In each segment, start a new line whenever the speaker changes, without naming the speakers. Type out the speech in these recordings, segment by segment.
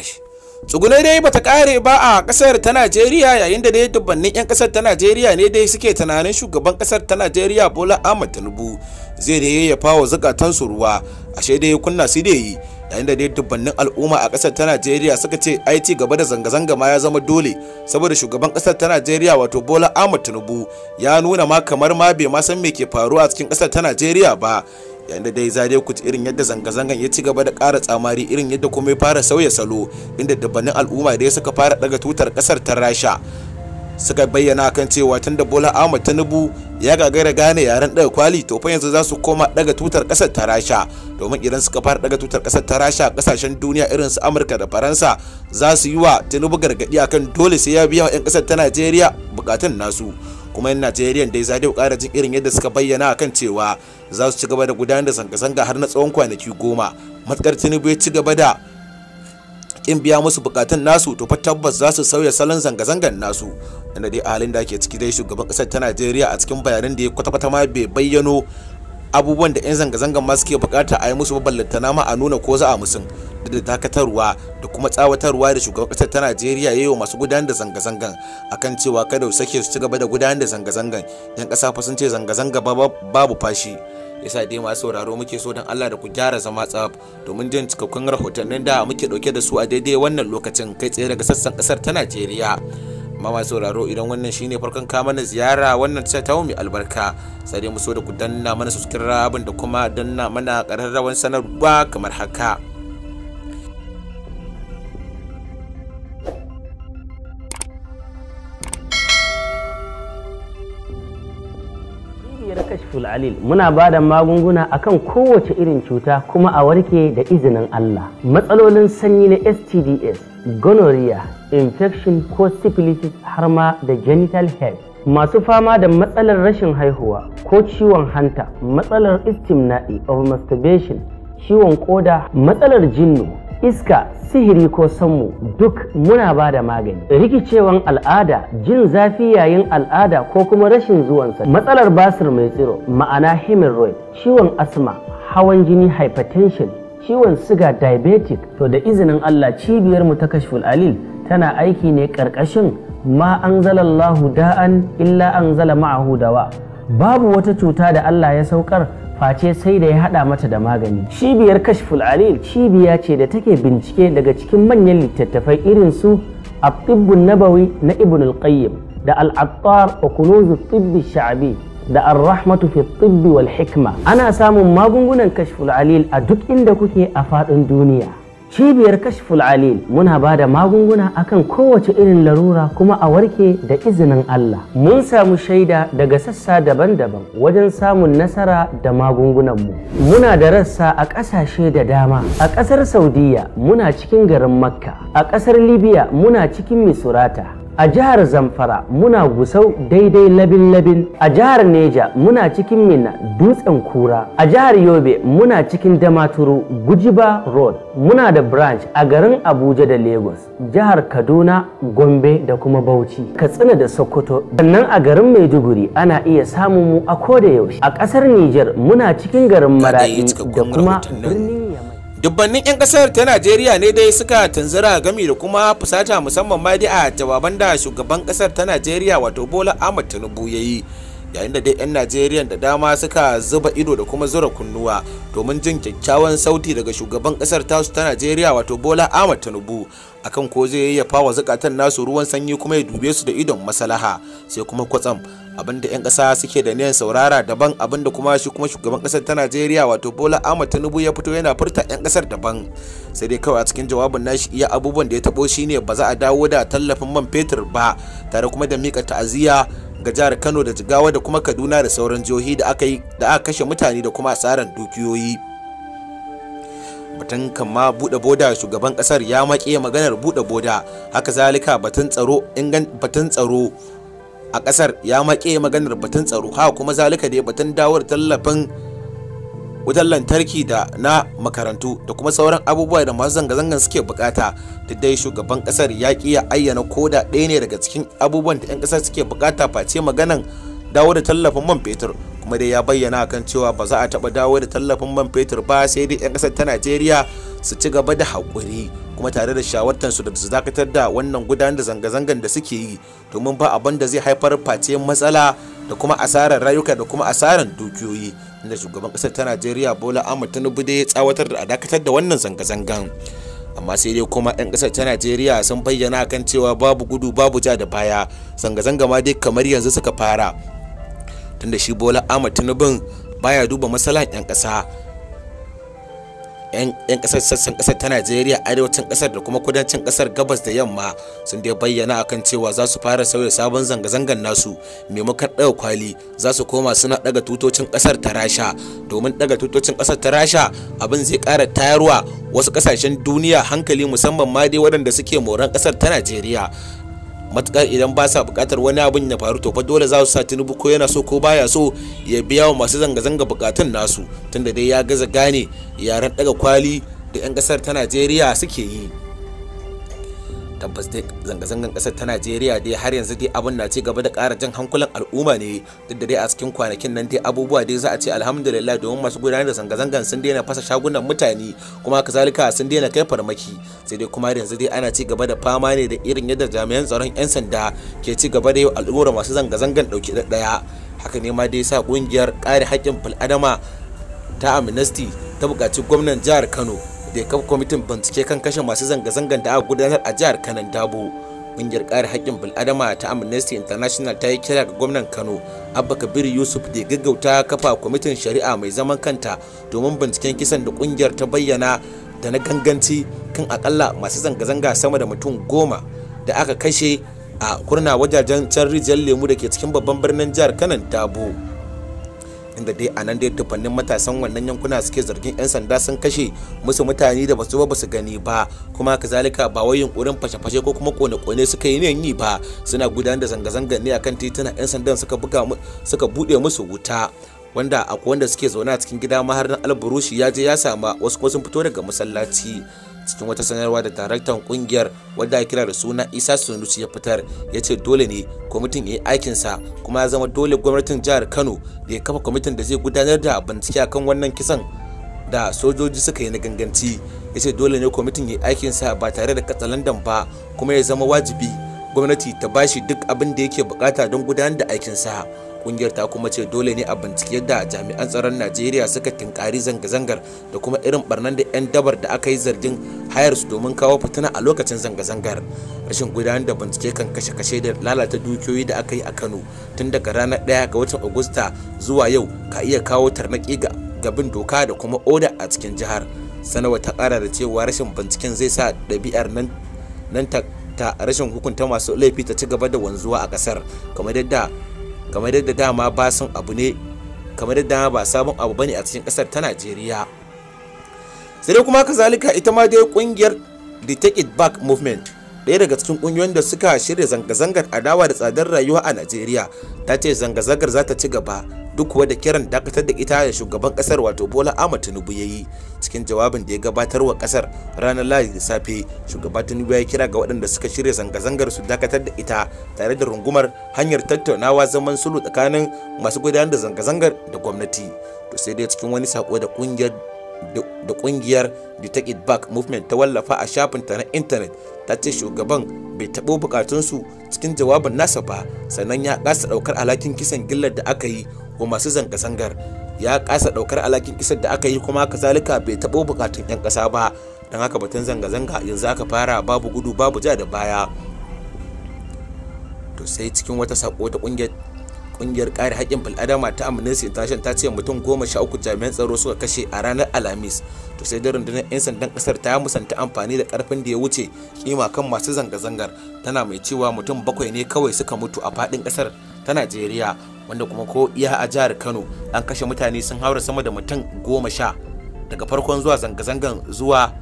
kai tsugunai dai bata kare ba a kasar ta najeriya yayin da dai dubbannin 'yan kasar ta najeriya ne dai suke tunanin shugaban kasar ta najeriya bola ahmad tinubu zai da ya zukatan su ruwa ashe dai kunna su da yi yayin da dai dubbannin al'umma a kasar ta najeriya suka ce it gaba da zanga-zanga ma ya zama dole saboda shugaban kasar ta najeriya wato bola ahmad tinubu ya nuna ma kamar ma bai ma san me ke faruwa a cikin kasar ta najeriya ba yayin da dai zare ci irin yadda zanga-zangan ya ci gaba da ƙara tsamari irin yadda kuma ya fara sauya salo inda dabbanin al'umma dai suka fara daga tutar kasar ta rasha suka bayyana kan cewa tun da bola ahmad tinubu ya gagara gane yaren daga kwali to fa yanzu za su koma daga tutar kasar ta rasha domin idan suka fara daga tutar kasar ta rasha kasashen duniya irin su amurka da faransa za su yi wa tinubu gargadi akan dole sai ya biya wa 'yan kasar ta najeriya bukatun nasu kuma yan najeriya dai za dai ƙara jin irin yadda suka bayyana kan cewa za su ci gaba da gudanar da zanga-zanga har na tsawon kwanaki goma matsakar tinubu ya ci gaba da kin biya musu bukatun nasu to fa tabbas za su sauya salon zanga-zangan nasu inda dai a halin da ake ciki dai shugaban kasar ta Najeriya a cikin bayanan da ya kwata ma bai bayyano abubuwan da 'yan zanga-zangan ma suke bukata a yi musu ballantana ma a nuna ko za a musun da dakatarwa da kuma tsawatarwa da shugaban ƙasar ta Najeriya yayi masu gudanar da zanga-zangan akan cewa kada su sake su ci gaba da gudanar da zanga-zangan yan ƙasa fa sun ce zanga-zanga babu fashi yasa dai masu sauraro muke so don Allah da ku gyara zama tsaf domin jin cikakkun rahotannin da muke dauke da su a daidai wannan lokacin kai tsaye daga sassan ƙasar ta Najeriya. mama sauraro idan wannan shine farkon ka mana ziyara wannan ta tawo mai albarka sai dai mu so da ku danna mana subscribe da kuma danna mana kararrawan sanarwa kamar haka
Daftul Alil muna ba da magunguna akan kowace irin cuta kuma a warke da izinin Allah. Matsalolin sanyi na STDS, gonorrhea, infection ko syphilis har ma da genital herpes. Masu fama da matsalar rashin haihuwa ko ciwon hanta, matsalar istimna'i of masturbation, ciwon koda, matsalar jinnu, iska sihiri ko sanmu duk muna ba da magani rikicewan al'ada jin zafi yayin al'ada ko kuma rashin zuwansa matsalar basir mai tsiro ma'ana hemorrhoid ciwon asma hawan jini hypertension ciwon siga diabetic to da izinin allah cibiyar mu ta kashful alil tana aiki ne karkashin ma an zalallahu da'an illa an zala ma'ahu dawa babu wata cuta da allah ya saukar face sai da ya haɗa mata da magani cibiyar kashful alil cibiya ce da take bincike daga cikin manyan littattafai irin su abdibbun nabawi na ibn al da al-attar wa kunuzu tibbi sha'abi da ar-rahmatu fi tibbi wal hikma ana samun magungunan kashful alil a duk inda kuke a faɗin duniya cibiyar kashful alil muna ba da magunguna akan kowace irin larura kuma a warke da izinin Allah mun samu shaida daga sassa daban-daban wajen samun nasara da magungunanmu muna da rassa a ƙasashe da dama a ƙasar saudiya muna cikin garin makka a ƙasar libya muna cikin misurata a jihar zamfara muna gusau daidai labin-labin a jihar neja muna cikin minna dutsen kura a jihar yobe muna cikin damaturu gujiba road muna da branch a garin abuja da lagos jihar kaduna gombe da kuma bauchi katsina da sokoto sannan a garin maiduguri ana iya samun mu a koda yaushe a ƙasar Nijar, muna cikin garin maradi da kuma
birnin yamma dubbannin 'yan kasar ta najeriya ne dai suka tunzura gami da kuma fusata musamman ma a jawaban da shugaban kasar ta najeriya wato bola ahmad tinubu ya yi yayin da dai 'yan najeriya da dama suka zuba ido da kuma zura kunnuwa domin jin kyakkyawan sauti daga shugaban kasar tasu ta najeriya wato bola ahmad tinubu akan ko zai yayyafa wa zukatan nasu ruwan sanyi kuma ya dube su da idon maslaha sai kuma kwatsam abinda 'yan kasa suke da niyan saurara daban abinda kuma shi kuma shugaban kasar ta najeriya wato bola ahmad tinubu ya fito yana furta 'yan kasar daban sai dai kawai a cikin jawabin nashi iya abubuwan da ya taɓo shine ba za a dawo da tallafin man fetur ba tare kuma da mika ta'aziyya ga jihar Kano da Jigawa da kuma Kaduna da sauran jihohi da aka yi da aka kashe mutane da kuma asarar dukiyoyi. Batun kama bude boda shugaban kasar ya make maganar buɗe boda haka zalika batun tsaro ingan batun tsaro a ƙasar ya maƙe maganar batun tsaro haka kuma zalika da batun dawar tallafin wutar lantarki da na makarantu da kuma sauran abubuwa da masu zanga-zangan suke bukata da dai shugaban kasar ya ki ya ayyana ko da ɗaya ne daga cikin abubuwan da 'yan kasar suke bukata face maganan dawo da tallafin man fetur kuma dai ya bayyana kan cewa ba za a taba dawo da tallafin man fetur ba sai dai 'yan kasar ta najeriya su ci gaba da haƙuri kuma tare da shawartar su da su dakatar da wannan gudanar da zanga-zangan da suke yi domin ba abin da zai haifar face matsala da kuma asarar rayuka da kuma asarar dukiyoyi inda shugaban kasar ta najeriya bola ahmad tinubu dai ya tsawatar da a dakatar da wannan zanga-zangan amma sai dai kuma 'yan kasar ta najeriya sun bayyana kan cewa babu gudu babu ja da baya zanga-zanga ma dai kamar yanzu suka fara tunda shi bola ahmad tinubu baya duba masalan 'yan kasa 'yan kasar sassan kasar ta najeriya arewacin kasar da kuma kudancin kasar gabas da yamma sun dai bayyana akan cewa za su fara sauya sabon zanga-zangar nasu maimakon ɗaga kwali za su koma suna ɗaga tutocin kasar ta rasha domin ɗaga tutocin kasar ta rasha abin zai ƙara tayarwa wasu ƙasashen duniya hankali musamman ma dai waɗanda suke moran kasar ta najeriya matukar idan ba sa bukatar wani abin ya faru to fa dole za su sa tinubu ko yana so ko baya so ya biya wa masu zanga-zanga bukatun nasu tunda dai ya gaza gane yaren daga kwali da 'yan kasar ta najeriya suke yi tabbas dai zanga-zangan kasar ta najeriya dai har yanzu dai abin na ci gaba da ƙara jan hankulan al'umma ne duk da dai a cikin kwanakin nan dai abubuwa dai za a ce alhamdulillah domin masu gudanar da zanga-zangan sun daina fasa shagunan mutane kuma kazalika sun daina kai farmaki sai dai kuma yanzu dai ana ci gaba da fama ne da irin yadda jami'an tsaron 'yan sanda ke ci gaba da yi al'umma masu zanga-zangan ɗauke da ɗaya haka ne ma dai sa kungiyar kare haƙƙin fil'adama ta amnesty ta buƙaci gwamnan jihar kano da ya kafa kwamitin bincike kan kashe masu zanga-zangar da aka gudanar a jihar kanan dabo ƙungiyar ƙare haƙƙin bil'adama ta amnesty international ta yi kira ga gwamnan kano abba kabir yusuf da gaggauta kafa kwamitin shari'a mai zaman kanta domin binciken kisan da ƙungiyar ta bayyana da na ganganci kan akalla masu zanga-zanga sama da mutum goma da aka kashe a kurna wajajen can rijiyar lemu da ke cikin babban birnin jihar kanan dabo inda dai a nan dai tufannin matasan wannan yankuna suke zargin 'yan sanda sun kashe musu mutane da basu ba basu gani ba kuma kazalika ba wai yunkurin fashe-fashe ko kuma kone-kone suka yi ne yi ba suna gudanar da zanga-zanga ne akan tituna 'yan sandan suka buga suka bude musu wuta wanda akwai wanda suke zaune a cikin gida ma har na alburushi ya je ya sama wasu kuma sun fito daga masallaci cikin wata sanarwa da daraktan kungiyar wadda ya kira da suna isa sunusi ya fitar ya ce dole ne kwamitin ya yi aikinsa kuma ya zama dole gwamnatin jihar kano da ya kafa kwamitin da zai gudanar da bincike akan wannan kisan da sojoji suka yi na ganganci ya ce dole ne kwamitin ya yi aikinsa ba tare da katsalandan ba kuma ya zama wajibi gwamnati ta bashi duk abin da yake bukata don gudanar da aikinsa kungiyar ta kuma ce dole ne a bincike da jami'an tsaron najeriya suka tinkari zanga-zangar da kuma irin barnan da 'yan dabar da aka yi zargin hayar su domin kawo fitina a lokacin zanga-zangar rashin gudanar da bincike kan kashe-kashe da lalata dukiyoyi da aka yi a kano tun daga ranar 1 ga watan agusta zuwa yau ka iya kawo tarnaki ga gabin doka da kuma oda a cikin jihar sanawa ta kara da cewa rashin binciken zai sa ɗabi'ar nan nan ta rashin hukunta masu laifi ta ci gaba da wanzuwa a ƙasar kamar yadda kamar yadda dama ba sun abu ne kamar yadda dama ba sabon abu bane a cikin kasar ta Najeriya sai dai kuma kazalika ita ma dai kungiyar the take it back movement ɗaya daga cikin ƙungiyoyin da suka shirya zanga-zangar adawa da tsadar rayuwa a najeriya ta ce zanga-zangar za ta ci gaba duk kuwa da kiran dakatar da ita da shugaban kasar wato bola ahmad tinubu ya yi cikin jawabin da ya gabatar wa kasar ranar lahadi da safe shugaban tinubu ya kira ga wadanda suka shirya zanga-zangar su dakatar da ita tare da rungumar hanyar tattaunawa zaman sulhu tsakanin masu gudanar da zanga-zangar da gwamnati to sai dai cikin wani sako da kungiyar da kungiyar the take it back movement ta wallafa a shafin ta na intanet ta ce shugaban bai taɓo bukatunsu cikin jawabin nasa ba sannan ya kasa ɗaukar alhakin kisan gillar da aka yi ko masu zanga-zangar ya kasa daukar alakin kisar da aka yi kuma kazalika bai tabo bukatun 'yan kasa ba don haka batun zanga-zanga yanzu aka fara babu gudu babu ja da baya to sai cikin wata sako ta kungiyar kungiyar kare haƙƙin bil'adama ta amnesty international ta ce mutum goma sha uku jami'an tsaro suka kashe a ranar alhamis to sai da rundunar 'yan sandan kasar ta musanta amfani da karfin da ya wuce kima kan masu zanga-zangar tana mai cewa mutum bakwai ne kawai suka mutu a faɗin kasar ta najeriya wanda kuma ko iya a jihar kano an kashe mutane sun haura sama da mutum goma sha daga farkon zuwa zanga-zangan zuwa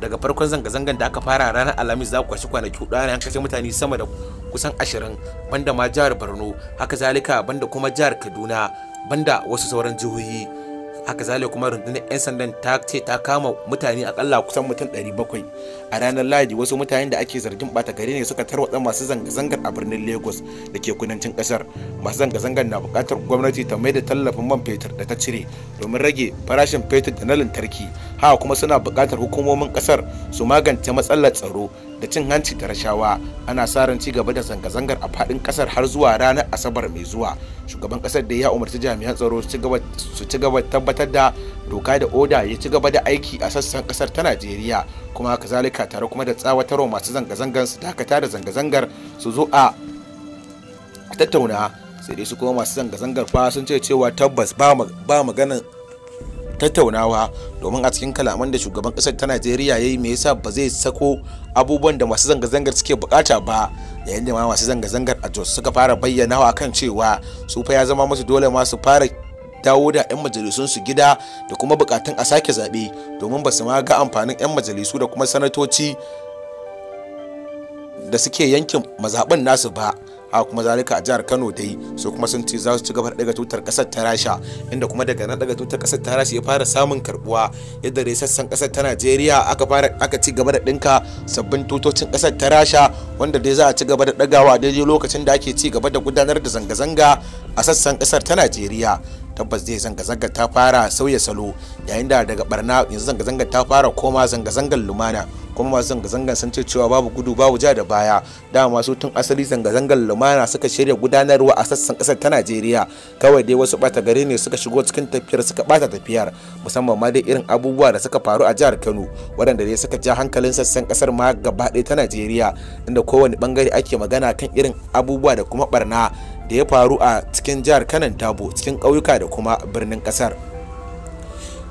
daga farkon zanga-zangan da aka fara ranar alhamis za ku kwashi kwanaki hudu an kashe mutane sama da kusan ashirin banda ma jihar borno haka zalika banda kuma jihar kaduna banda wasu sauran jihohi haka zale kuma rundunar 'yan sandan ta ce ta kama mutane a akalla kusan mutum 700 a ranar lahadi wasu mutanen da ake zargin bata gari ne suka tarwatsa masu zanga-zangar a birnin lagos da ke kudancin kasar masu zanga-zangar na bukatar gwamnati ta mai da tallafin man fetur da ta cire domin rage farashin fetur da na lantarki haka kuma suna bukatar hukumomin kasar su magance matsalar tsaro da cin hanci da rashawa ana sa ran ci gaba da zanga-zangar a fadin kasar har zuwa ranar asabar mai zuwa shugaban kasar da ya umarci jami'an tsaro su ci gaba tabbatar tabbatar da doka da oda ya ci gaba da aiki a sassan kasar ta najeriya kuma kazalika tare kuma da tsawatarwa masu zanga-zangar su dakata da zanga-zangar su zo a tattauna sai dai su kuma masu zanga-zangar fa sun ce cewa tabbas ba maganin tattaunawa domin a cikin kalaman da shugaban kasar ta najeriya ya yi me yasa ba zai sako abubuwan da masu zanga-zangar suke bukata ba yayin da ma masu zanga-zangar a jos suka fara bayyanawa akan cewa su fa ya zama musu dole ma su fara dawo da 'yan majalisun su gida da kuma bukatun a sake zaɓe domin ba su ma ga amfanin 'yan majalisu da kuma sanatoci da suke yankin mazaɓin nasu ba a kuma zalika a jihar kano dai su kuma sun ce za su ci gaba daga tutar kasar ta rasha inda kuma daga nan daga tutar kasar ta rasha ya fara samun karbuwa yadda dai sassan kasar ta najeriya aka fara aka ci gaba da dinka sabbin tutocin kasar ta rasha wanda dai za a ci gaba da dagawa daidai lokacin da ake ci gaba da gudanar da zanga-zanga a sassan kasar ta najeriya tabbas zai zanga-zangar ta fara sauya salo yayin da daga barna yanzu zanga-zangar ta fara koma zanga-zangar lumana kuma masu zanga-zangar sun ce cewa babu gudu babu ja da baya da masu tun asali zanga-zangar lumana suka shirya gudanarwa a sassan kasar ta najeriya kawai dai wasu bata gari ne suka shigo cikin tafiyar suka bata tafiyar musamman ma dai irin abubuwa da suka faru a jihar kano wadanda dai suka ja hankalin sassan kasar ma gaba ɗaya ta najeriya inda kowane bangare ake magana kan irin abubuwa da kuma barna da ya faru a cikin jihar kanan tabo cikin kauyuka da kuma birnin kasar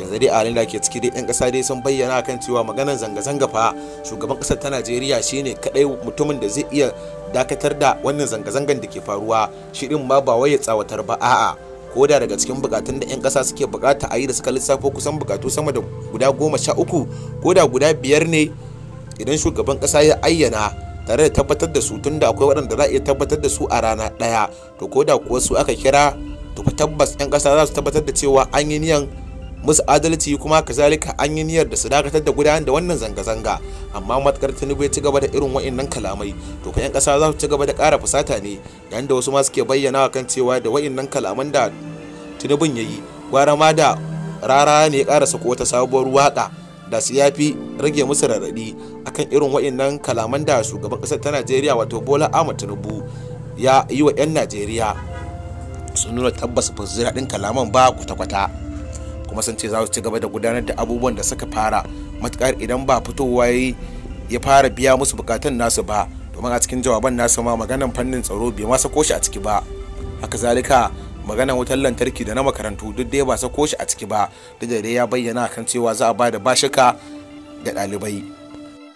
yanzu dai a halin da ke ciki dai 'yan ƙasa dai sun bayyana kan cewa maganar zanga-zanga fa shugaban ƙasar ta najeriya shine kadai mutumin da zai iya dakatar da wannan zanga-zangan da ke faruwa shi din ma ba wai tsawatar ba a'a ko da daga cikin bukatun da 'yan kasa suke bukata a yi da suka lissafo kusan bukatu sama da guda goma sha uku ko da guda biyar ne idan shugaban kasa ya ayyana tare da tabbatar da su tunda akwai waɗanda za a iya tabbatar da su a rana ɗaya to ko da kuwa su aka kira to tabbas 'yan ƙasa za su tabbatar da cewa an yi niyan musu adalci kuma kazalika an yi niyyar da su dakatar da gudanar da wannan zanga-zanga amma matukar tinubu ya ci gaba da irin wa'annan kalamai to kan yan kasa za su ci gaba da ƙara fusata ne yayin da wasu ma suke bayyana kan cewa da wa'annan kalaman da tinubun ya yi gwara ma da rara ne ya ƙara sako wata sabuwar waƙa da su ya fi rage musu raɗaɗi akan irin waɗannan kalaman da shugaban ƙasar ta najeriya wato bola ahmad tinubu ya yi wa 'yan najeriya sun nuna tabbas ba su daɗin kalaman ba kwata-kwata kuma sun ce za su ci gaba da gudanar da abubuwan da suka fara matuƙar idan ba fitowa ya fara biya musu bukatun nasu ba domin a cikin jawaban nasu ma maganan fannin tsaro bai ma sako shi a ciki ba haka zalika maganan wutar lantarki da na makarantu duk dai ba sako shi a ciki ba duk da dai ya bayyana kan cewa za a ba da bashika da ɗalibai